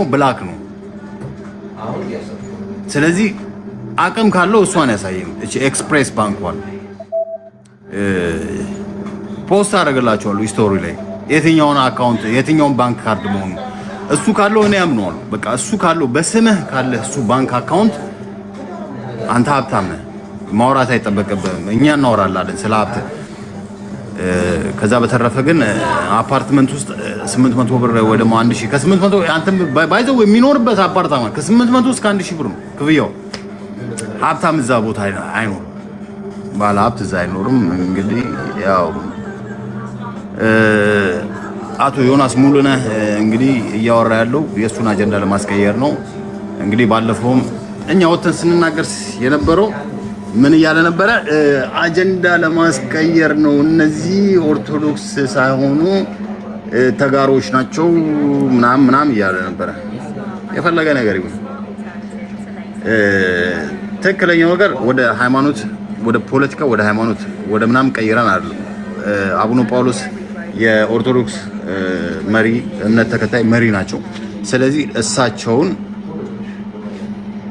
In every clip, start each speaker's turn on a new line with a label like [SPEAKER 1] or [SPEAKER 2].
[SPEAKER 1] ደግሞ ብላክ ነው። ስለዚህ አቅም ካለው እሷን ያሳየም። እቺ ኤክስፕሬስ ባንኳን ፖስት አደረግላቸዋለሁ ስቶሪ ላይ የትኛውን አካውንት የትኛውን ባንክ ካርድ መሆኑ እሱ ካለው እኔ አምነዋለሁ። በቃ እሱ ካለው በስምህ ካለ እሱ ባንክ አካውንት አንተ ሀብታም ነህ። ማውራት አይጠበቅብህም። እኛ እናወራላለን ስለ ሀብት ከዛ በተረፈ ግን አፓርትመንት ውስጥ 800 ብር ወይ ደግሞ 1000 ከ800 አንተም ባይዘው የሚኖርበት አፓርታማ ከ800 እስከ 1000 ብር ነው ክፍያው። ሀብታም እዛ ቦታ አይኖርም፣ ባለ ሀብት እዛ አይኖርም። እንግዲህ ያው አቶ ዮናስ ሙሉነህ እንግዲህ እያወራ ያለው የእሱን አጀንዳ ለማስቀየር ነው። እንግዲህ ባለፈውም እኛ ወተን ስንናገር የነበረው ምን እያለ ነበረ? አጀንዳ ለማስቀየር ነው። እነዚህ ኦርቶዶክስ ሳይሆኑ ተጋሮች ናቸው ምናም ምናም እያለ ነበረ። የፈለገ ነገር ይሁን ትክክለኛው ነገር ወደ ሃይማኖት፣ ወደ ፖለቲካ፣ ወደ ሃይማኖት፣ ወደ ምናም ቀይረን አይደለም። አቡነ ጳውሎስ የኦርቶዶክስ መሪ እምነት ተከታይ መሪ ናቸው። ስለዚህ እሳቸውን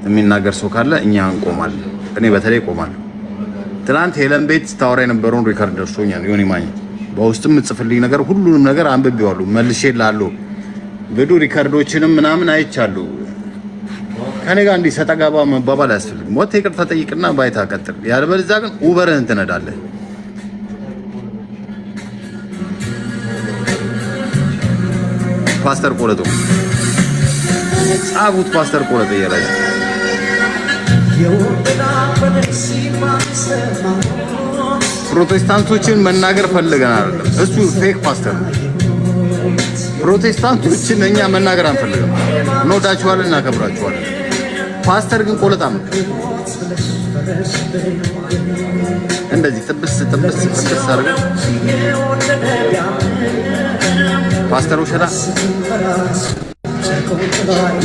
[SPEAKER 1] የሚናገር ሰው ካለ እኛ እንቆማለን። እኔ በተለይ ቆማለሁ። ትናንት ሄለን ቤት ስታወራ የነበረውን ሪከርድ ደርሶኛል። ዮኒ ማኛ በውስጥም የምጽፍልኝ ነገር ሁሉንም ነገር አንብቤዋለሁ፣ ላሉ ብዱ ሪከርዶችንም ምናምን አይቻሉ። ከኔ ጋር እንዲህ ሰጠጋባ መባባል አያስፈልግም። ወጥ ይቅርታ ጠይቅና ባይታ ቀጥል። ያለበለዚያ ግን ኡበርህን ትነዳለህ። ፓስተር ቆለጦ ጻፉት። ፓስተር ቆለጦ እያላችሁ ፕሮቴስታንቶችን መናገር ፈልገናል። እሱ ፌክ ፓስተር ነው። ፕሮቴስታንቶችን እኛ መናገር አንፈልግም። እንወዳችኋለን፣ እናከብራችኋለን። ፓስተር ግን ቆለጣ ነው። እንደዚህ ጥብስ ጥብስ ጥብስ አድርገን ፓስተር ውሸታ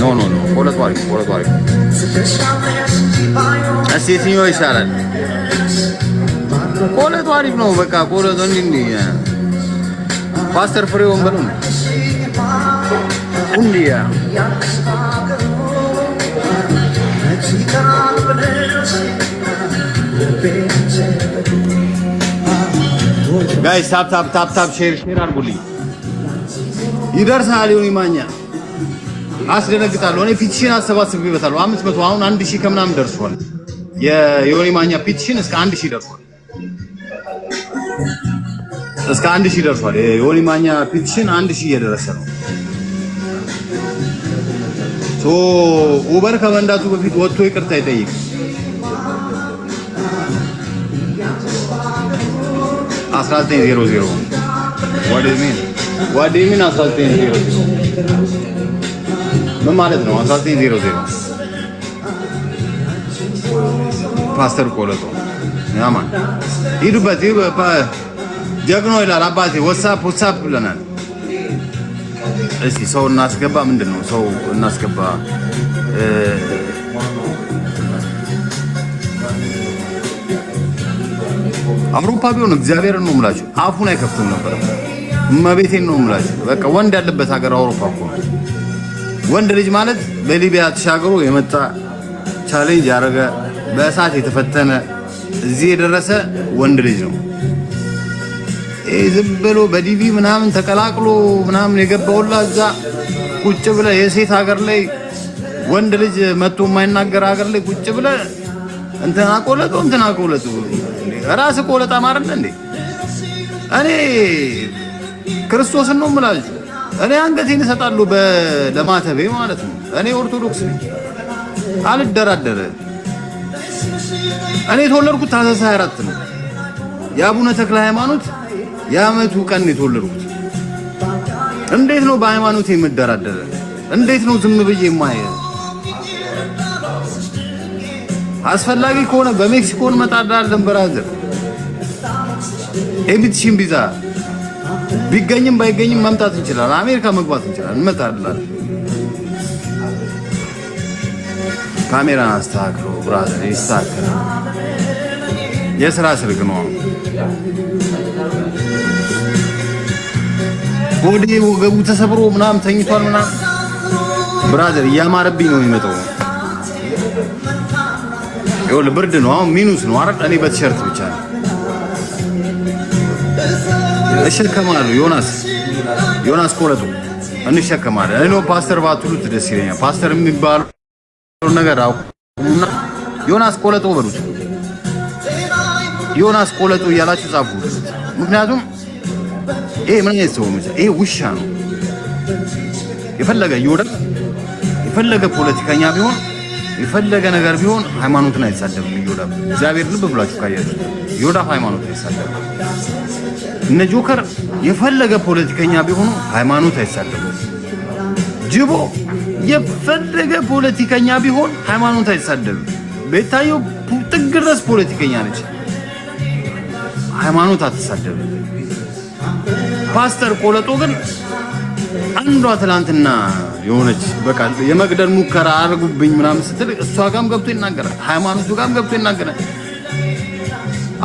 [SPEAKER 1] ኖ ኖ ኖ ቆለቱ አሪፍ ቆለቱ አሪፍ። እስኪ የትኛው ይሻላል? ቆለቱ አሪፍ ነው። በቃ ቆለቱ እንዲ ፓስተር ፍሬውን በሉ ጋይስ ታፕ ታፕ ታፕ ታፕ ሼር ሼር አድርጉልኝ። ይደርሳል ይሁን ይማኛ አስደነግጣለሁ። እኔ ፒቲሽን አሰባስቤበታለሁ። አምስት መቶ አሁን አንድ ሺህ ከምናምን ደርሷል። የዮኒ ማኛ ፒቲሽን እስከ አንድ ሺህ ደርሷል። እስከ አንድ ሺህ ደርሷል። የዮኒ ማኛ ፒቲሽን አንድ ሺህ እየደረሰ ነው። ሶ ኡበር ከመንዳቱ በፊት ወጥቶ ይቅርታ ይጠይቅ። አስራ ዘጠኝ ዜሮ ዜሮ ዋዴሚን ዋዴሚን አስራ ዘጠኝ ዜሮ ዜሮ ምን ማለት ነው? 1900 ፓስተር ቆለጦ ያማን ሂዱበት ጀግኖ ይላል አባቴ። ወሳፕ ወሳፕ ብለናል። እስቲ ሰው እናስገባ። ምንድን ነው ሰው እናስገባ? አውሮፓ ቢሆን እግዚአብሔርን ነው ምላችሁ አፉን አይከፍትም ነበር። እመቤቴን ነው ምላችሁ። በቃ ወንድ ያለበት ሀገር አውሮፓ እኮ ነው። ወንድ ልጅ ማለት በሊቢያ ተሻግሮ የመጣ ቻሌንጅ ያደረገ በእሳት የተፈተነ እዚህ የደረሰ ወንድ ልጅ ነው። ዝም ብሎ በዲቪ ምናምን ተቀላቅሎ ምናምን የገባውላ እዛ ቁጭ ብለ የሴት ሀገር ላይ ወንድ ልጅ መጥቶ የማይናገር ሀገር ላይ ቁጭ ብለ እንትና ቆለጡ እንትና ቆለጡ ራስ ቆለጣ ማርነ እንዴ! እኔ ክርስቶስን ነው የምላችሁ። እኔ አንገቴን እሰጣለሁ ለማተቤ ማለት ነው። እኔ ኦርቶዶክስ ነኝ፣ አልደራደረ እኔ የተወለድኩት ታህሳስ 24 ነው። የአቡነ ተክለ ሃይማኖት የአመቱ ቀን የተወለድኩት። እንዴት ነው በሃይማኖት የምደራደረ? እንዴት ነው ዝም ብዬ የማየ? አስፈላጊ ከሆነ በሜክሲኮን መጣዳ አለን። ብራዘር ኤምቲሽን ቢዛ ቢገኝም ባይገኝም መምጣት እንችላለን። አሜሪካ መግባት እንችላለን። እንመጣለን። ካሜራን አስተካክሎ ብራዘር ይስተካከላል። የስራ ስልክ ነው። ሆዴ ወገቡ ተሰብሮ ምናምን ተኝቷል ምናምን ብራዘር እያማረብኝ ነው የሚመጣው። ይኸውልህ ብርድ ነው አሁን፣ ሚኑስ ነው። እኔ በቲሸርት ብቻ ነው እሸከማለሁ። ዮናስ ዮናስ ቆረጡ እንሸከማለን። እኔ ፓስተር ባትሉት ደስ ይለኛል። ፓስተር የሚባለው ነገር አውቁና ዮናስ ቆለጦ በሉት። ዮናስ ቆለጦ እያላችሁ ጻፉ። ምክንያቱም ይሄ ምን አይነት ሰው ነው? ይሄ ውሻ ነው። የፈለገ ይወደ የፈለገ ፖለቲከኛ ቢሆን፣ የፈለገ ነገር ቢሆን ሃይማኖትን አይሳደብም። ይወደ እግዚአብሔር ልብ ብላችሁ ካያችሁ ይወደ ሃይማኖትን አይሳደብም። እነ ጆከር የፈለገ ፖለቲከኛ ቢሆኑ ሃይማኖት አይሳደቡ። ጅቦ የፈለገ ፖለቲከኛ ቢሆን ሃይማኖት አይሳደብም። ቤታየው ጥግ ድረስ ፖለቲከኛ ነች፣ ሃይማኖት አትሳደብም። ፓስተር ቆለጦ ግን አንዷ ትላንትና የሆነች በቃ የመግደል ሙከራ አድርጉብኝ ምናምን ስትል እሷ ጋም ገብቶ ይናገራል፣ ሃይማኖቱ ጋም ገብቶ ይናገራል።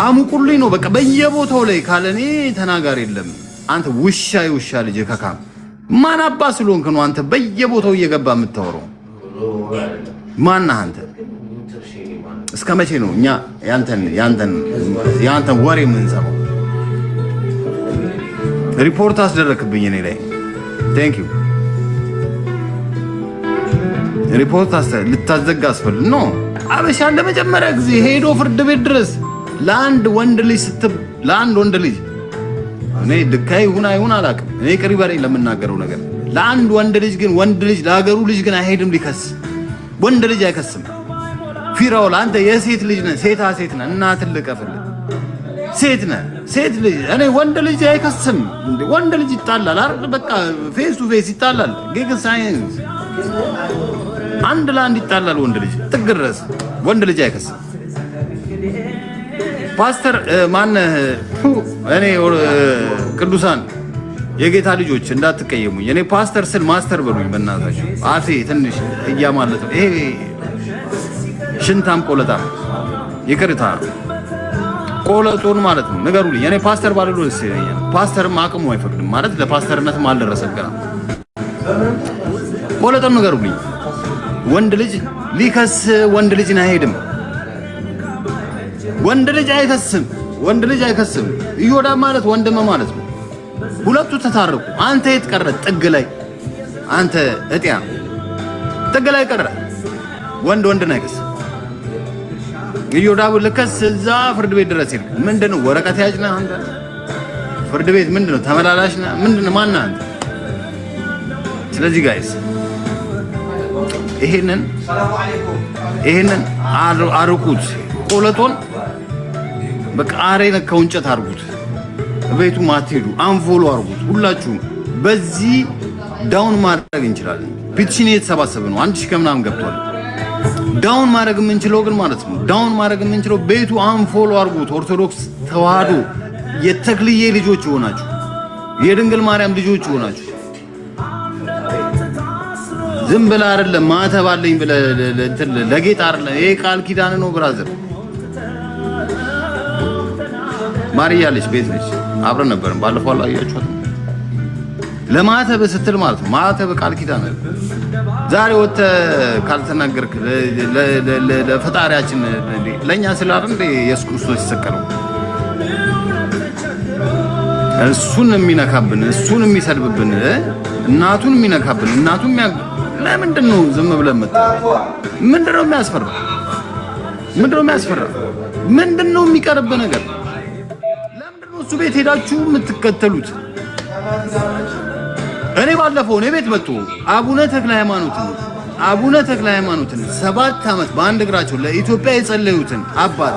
[SPEAKER 1] አሙቁልኝ ነው በቃ በየቦታው ላይ ካለኔ ተናጋሪ የለም። አንተ ውሻ የውሻ ልጅ ከካም ማን አባ ስለሆንክ ነው አንተ በየቦታው እየገባ የምታወራው? ማና አንተ እስከ መቼ ነው እኛ ያንተን ያንተን ያንተን ወሬ የምንሰማው? ሪፖርት አስደረክብኝ እኔ ላይ ቴንክ ዩ ሪፖርት ልታዘጋ አስፈልግ ነው አበሻን ለመጀመሪያ ጊዜ ሄዶ ፍርድ ቤት ድረስ ለአንድ ወንድ ልጅ ስትብ ለአንድ ወንድ ልጅ እኔ ድካይ ይሁን አይሁን አላውቅም። እኔ ቅሪ በሬ ለምናገረው ነገር ለአንድ ወንድ ልጅ ግን ወንድ ልጅ ለሀገሩ ልጅ ግን አይሄድም ሊከስ ወንድ ልጅ አይከስም። ፊራው ለአንተ የሴት ልጅ ነህ፣ ሴታ ሴት ነህ። እናትን ልቀፍልህ ሴት ነህ፣ ሴት ልጅ እኔ ወንድ ልጅ አይከስም። ወንድ ልጅ ይጣላል አይደል? በቃ ፌስ ቱ ፌስ ይጣላል። ግን ሳይንስ አንድ ለአንድ ይጣላል። ወንድ ልጅ ጥግ ድረስ ወንድ ልጅ አይከስም። ፓስተር ማነህ? እኔ ቅዱሳን የጌታ ልጆች እንዳትቀየሙኝ። እኔ ፓስተር ስል ማስተር በሉኝ በእናታችሁ። አፌ ትንሽ እያ ማለት ነው። ይሄ ሽንታም ቆለጣ ይቅርታ፣ ቆለጡን ማለት ነው። ንገሩልኝ። እኔ ፓስተር ባልሉ ስ ይለኛል። ፓስተርም አቅሙ አይፈቅድም ማለት ለፓስተርነትም አልደረሰም ገና። ቆለጡን ንገሩልኝ። ወንድ ልጅ ሊከስ ወንድ ልጅን አይሄድም ወንድ ልጅ አይከስም፣ ወንድ ልጅ አይከስም። እዮዳ ማለት ወንድም ማለት ነው። ሁለቱ ተታረቁ። አንተ የት ቀረ? ጥግ ላይ አንተ እጥያ ጥግ ላይ ቀረ። ወንድ ወንድን አይከስም። እዮዳብ ልከስ እዛ ፍርድ ቤት ድረስ ይል ምንድነው? ወረቀት ያጅ አንተ? ፍርድ ቤት ምንድነው? ተመላላሽና ምንድነው? ማና አንተ? ስለዚህ ጋይስ ይሄንን ይሄንን አርቁት ቆለጦን በቃ ነካው እንጨት አርጉት፣ ቤቱ ማትሄዱ አንፎሎ አርጉት። ሁላችሁም በዚህ ዳውን ማድረግ እንችላለን። ፒቲሽን እየተሰባሰበ ነው፣ አንድ ሺህ ከምናምን ገብቷል። ዳውን ማድረግ የምንችለው ግን ማለት ነው ዳውን ማድረግ የምንችለው ቤቱ አንፎሎ አርጉት። ኦርቶዶክስ ተዋህዶ የተክልዬ ልጆች ይሆናችሁ፣ የድንግል ማርያም ልጆች ይሆናችሁ ዝም ብለህ አይደለም ማተብ አለኝ ብለህ ለጌጥ አይደለም። ይሄ ቃል ኪዳን ነው ብራዘር። ማሪ እያለች ቤት ነች፣ አብረን ነበር ባለፈው አላያችኋት ለማተብ ስትል ማለት ነው። ማተብ ቃል ኪዳን ነው። ዛሬ ወጥተህ ካልተናገርክ ለፈጣሪያችን ለእኛ ስለ አይደል ኢየሱስ ክርስቶስ የተሰቀለው እሱን የሚነካብን እሱን የሚሰድብብን እናቱን የሚነካብን እናቱን የሚያ ለምንድን ነው ዝም ብለን መጣ? ምንድን ነው የሚያስፈራ? ምንድን ነው የሚያስፈራ? ምንድን ነው የሚቀርብ ነገር እሱ ቤት ሄዳችሁ የምትከተሉት እኔ ባለፈው እኔ ቤት መጡ አቡነ ተክለ ሃይማኖትን አቡነ ተክለ ሃይማኖትን ሰባት ዓመት በአንድ እግራቸው ለኢትዮጵያ የጸለዩትን አባት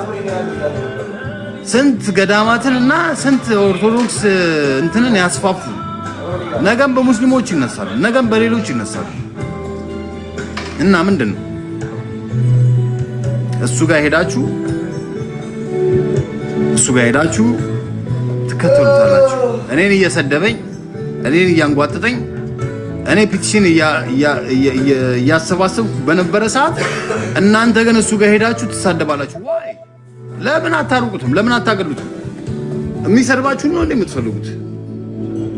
[SPEAKER 1] ስንት ገዳማትን እና ስንት ኦርቶዶክስ እንትንን ያስፋፉ፣ ነገም በሙስሊሞች ይነሳሉ፣ ነገም በሌሎች ይነሳሉ። እና ምንድን ነው እሱ ጋር ሄዳችሁ እሱ ጋር ሄዳችሁ ትከተሉታላችሁ። እኔን እየሰደበኝ፣ እኔን እያንጓጥጠኝ፣ እኔ ፒቲሽን እያሰባሰብኩ በነበረ ሰዓት እናንተ ግን እሱ ጋር ሄዳችሁ ትሳደባላችሁ። ለምን አታርቁትም? ለምን አታገሉትም? የሚሰድባችሁን ነው እንዴ የምትፈልጉት?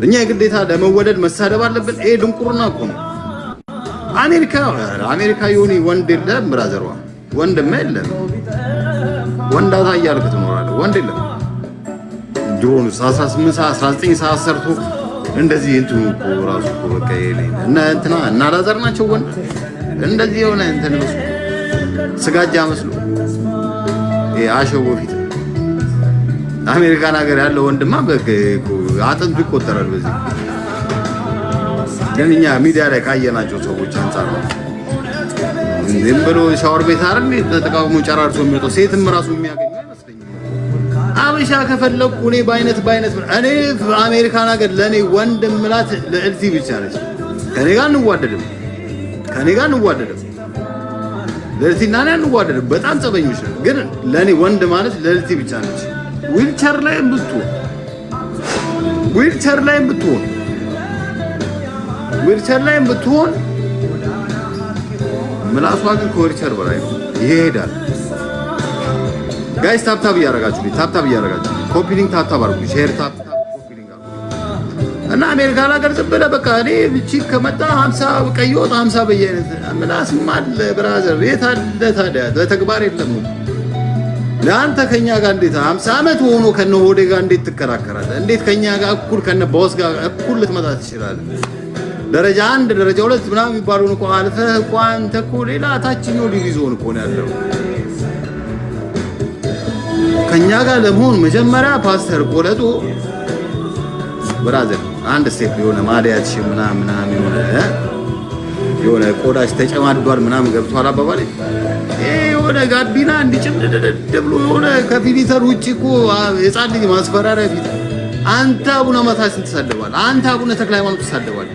[SPEAKER 1] እኛ የግዴታ ለመወደድ መሳደብ አለብን? ይሄ ድንቁርና እኮ ነው። አሜሪካ አሜሪካ የሆነ ወንድ የለም፣ ብራዘሯ ወንድም የለም። ወንዳታ እያልክ ትኖራለህ፣ ወንድ የለም። ድሮን 18 ሰዓት 19 ሰዓት ሰርቶ እንደዚህ እንትኑ እኮ ራሱ እኮ በቃ የሌለ እና እንትና እና አላዛር ናቸው ወን እንደዚህ የሆነ እንትን መስሎ ስጋጃ መስሎ አሸው በፊት አሜሪካን ሀገር ያለው ወንድማ አጥንቱ ይቆጠራል። በዚህ ግን እኛ ሚዲያ ላይ ካየናቸው ሰዎች አንጻር ነው። ዝም ብሎ ሻወር ቤት አይደል ተጠቃቅሞ ጨራርሶ የሚወጣው ሴትም ራሱ የሚያገኝ ሀበሻ ከፈለኩ እኔ በአይነት በአይነት እኔ አሜሪካን ሀገር ለእኔ ወንድም ምላት ልዕልቲ ብቻ ነች። ከኔ ጋር እንዋደድም ከኔ ጋር እንዋደድም ልዕልቲ እና እኔ እንዋደድም። በጣም ጸበኞች ነው፣ ግን ለእኔ ወንድ ማለት ልዕልቲ ብቻ ነች። ዊልቸር ላይ ብትሆን ዊልቸር ላይ ብትሆን ዊልቸር ላይ ብትሆን ምላሷ ግን ከዊልቸር በላይ ነው ይሄዳል ጋይስ ታፕታብ እያደረጋችሁ ታፕታብ እያደረጋችሁ ኮፒ ሊንክ ታፕታብ አድርጉ፣ ሼር እና አሜሪካ ሀገር ዝም ብለህ በቃ እኔ እቺ ከመጣ 50 ቀይ ወጥ 50 በየአይነት ምላስም አለ ብራዘር የት አለ ታዲያ? በተግባር የለም ለአንተ ከኛ ጋር እንዴት 50 ዓመት ሆኖ ከነ ሆዴ ጋር እንዴት ትከራከራለህ? እንዴት ከኛ ጋር እኩል ከነ ባውስ ጋር እኩል ልትመጣ ትችላለህ? ደረጃ አንድ ደረጃ ሁለት ምናምን የሚባሉን እኮ አልፈህ እኮ አንተ እኮ ሌላ ታችኛው ዲቪዥን እኮ ነው ያለው ከእኛ ጋር ለመሆን መጀመሪያ ፓስተር ቆለጡ ብራዘር አንድ ስቴፕ የሆነ ማዲያች ምናምን ምናምን የሆነ የሆነ ቆዳሽ ተጨማድዷል ምናምን ገብቷል አባባል የሆነ ጋቢና እንዲጭምድድድ ብሎ የሆነ ከፊሊተር ውጭ እኮ የጻን ልጅ ማስፈራሪያ ፊት አንተ አቡነ መታስን ትሰድባል። አንተ አቡነ ተክለ ሃይማኖት ትሰድባል።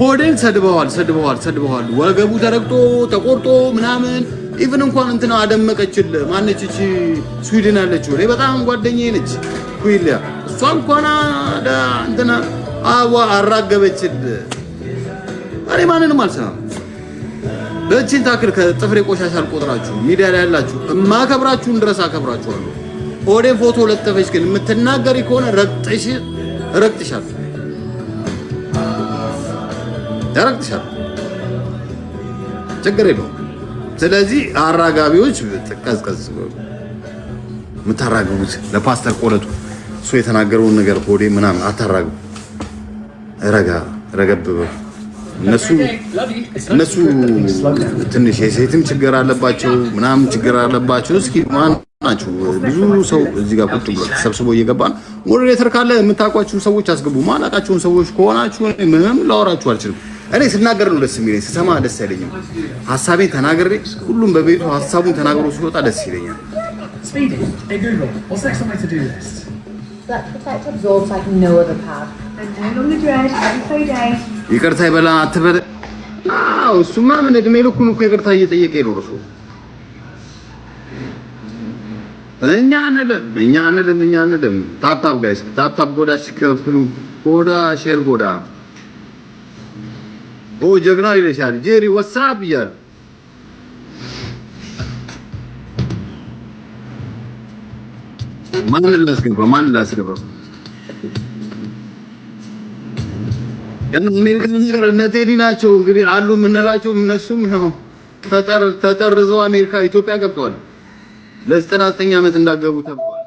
[SPEAKER 1] ሆዴን ሰድበዋል፣ ሰድበዋል፣ ሰድበዋል። ወገቡ ተረግጦ ተቆርጦ ምናምን ኢቭን እንኳን እንትና አደመቀችል ማነች እቺ ስዊድን ያለችው ላይ በጣም ጓደኛዬ ነች ኩይላ እሷ እንኳን አዳ እንትና አዋ አራገበችልህ። እኔ ማንንም አልሰማም። በእችን ታክል ከጥፍሬ ቆሻሻ አልቆጥራችሁ ሚዲያ ላይ ያላችሁ እማከብራችሁን ድረስ አከብራችኋለሁ። ኦዴን ፎቶ ለጠፈች ግን የምትናገሪ ከሆነ ረግጥሽ ረግጥሻል ረግጥሻል። ችግር የለውም። ስለዚህ አራጋቢዎች ቀዝቀዝ የምታራግቡት ለፓስተር ቆረጡ እሱ የተናገረውን ነገር ሆዴ ምናምን አታራግቡ። ረጋ ረገብበ እነሱ እነሱ ትንሽ የሴትም ችግር አለባቸው ምናምን ችግር አለባቸው። እስኪ ማን ናቸው? ብዙ ሰው እዚህ ጋር ቁጭ ብሎ ተሰብስቦ እየገባ ሞዴሬተር ካለ የምታውቋችሁን ሰዎች አስገቡ። ማላቃቸውን ሰዎች ከሆናችሁ ምንም ላወራችሁ አልችልም። እኔ ስናገር ነው ደስ የሚለኝ፣ ስሰማ ደስ አይለኝም። ሀሳቤን ተናግሬ ሁሉም በቤቱ ሀሳቡን ተናግሮ ሲወጣ ደስ ይለኛል። ይቅርታ ይበላ አትበለ። እሱማ ምን እድሜ ልኩን እኮ ይቅርታ እየጠየቀ ይኖር ሰው እኛ አንልም፣ እኛ አንልም፣ እኛ አንልም። ታፕ ታፕ ጋይስ ታፕ ታፕ ጎዳ ሲከፍሉ ጎዳ ሼር ጎዳ ቦ ጀግና ይለሻል። ጄሪ ወሳብ እያለ ማን ላስገባ ማን ላስገባ? እነ ቴዲ ናቸው እንግዲህ አሉ የምንላቸው እነሱም ተጠርዘው አሜሪካ ኢትዮጵያ ገብተዋል። ለ ለ99 ዓመት እንዳገቡ ተብሏል።